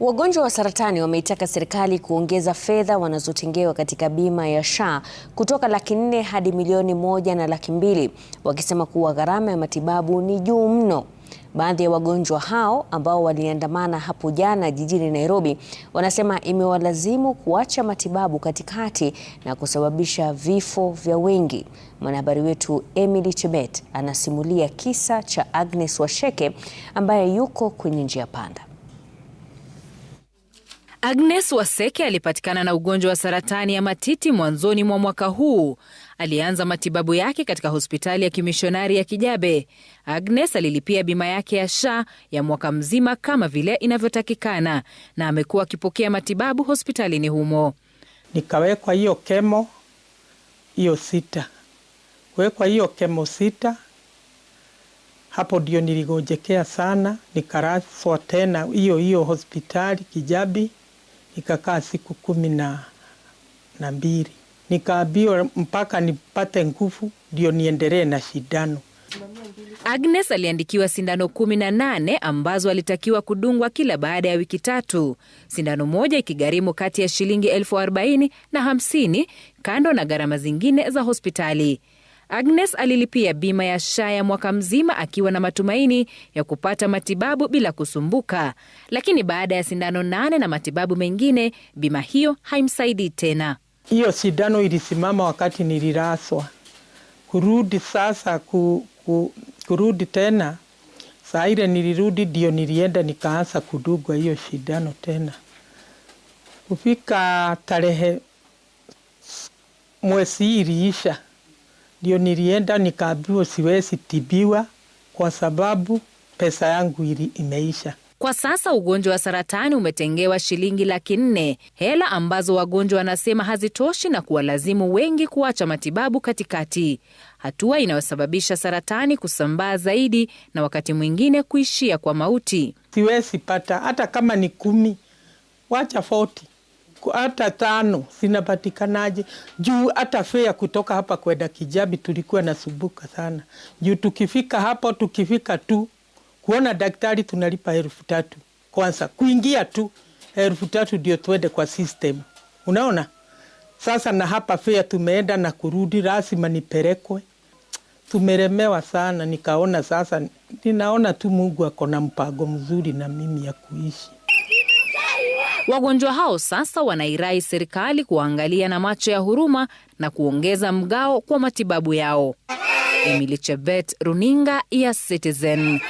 Wagonjwa wa saratani wameitaka serikali kuongeza fedha wanazotengewa katika bima ya SHA kutoka laki nne hadi milioni moja na laki mbili wakisema kuwa gharama ya matibabu ni juu mno. Baadhi ya wagonjwa hao ambao waliandamana hapo jana jijini Nairobi wanasema imewalazimu kuacha matibabu katikati na kusababisha vifo vya wengi. Mwanahabari wetu Emily Chebet anasimulia kisa cha Agnes Washeke ambaye yuko kwenye njia panda. Agnes Waseke alipatikana na ugonjwa wa saratani ya matiti mwanzoni mwa mwaka huu. Alianza matibabu yake katika hospitali ya kimishonari ya Kijabe. Agnes alilipia bima yake ya SHA ya mwaka mzima kama vile inavyotakikana na amekuwa akipokea matibabu hospitalini humo. Nikawekwa hiyo kemo hiyo sita, kuwekwa hiyo kemo sita, hapo ndio niligojekea sana, nikaraswa tena hiyo hiyo hospitali Kijabi nikakaa siku kumi na, na mbili nikaambiwa mpaka nipate nguvu ndio niendelee na shindano. Agnes aliandikiwa sindano kumi na nane ambazo alitakiwa kudungwa kila baada ya wiki tatu, sindano moja ikigharimu kati ya shilingi elfu arobaini na hamsini kando na gharama zingine za hospitali. Agnes alilipia bima ya SHA ya mwaka mzima akiwa na matumaini ya kupata matibabu bila kusumbuka, lakini baada ya sindano nane na matibabu mengine, bima hiyo haimsaidii tena. Hiyo sindano ilisimama wakati niliraswa, kurudi sasa ku, ku, kurudi tena saa ile nilirudi, ndio nilienda nikaanza kudugwa hiyo sindano tena. Kufika tarehe mwezi iliisha ndio nilienda nikaambiwa siwezi tibiwa kwa sababu pesa yangu ili imeisha. Kwa sasa ugonjwa wa saratani umetengewa shilingi laki nne, hela ambazo wagonjwa wanasema hazitoshi na kuwalazimu wengi kuacha matibabu katikati, hatua inayosababisha saratani kusambaa zaidi na wakati mwingine kuishia kwa mauti. Siwezi pata hata kama ni kumi, wacha hata tano zinapatikanaje? Juu hata fea kutoka hapa kwenda Kijabi tulikuwa nasumbuka sana, juu tukifika hapo, tukifika tu kuona daktari tunalipa elfu tatu kwanza kuingia tu elfu tatu ndio tuende kwa system, unaona sasa. Na hapa fea tumeenda na kurudi, lazima nipelekwe. Tumeremewa sana, nikaona sasa, ninaona tu Mungu ako na mpango mzuri na mimi ya kuishi. Wagonjwa hao sasa wanairai serikali kuwaangalia na macho ya huruma na kuongeza mgao kwa matibabu yao. Emily Chebet, runinga ya Citizen.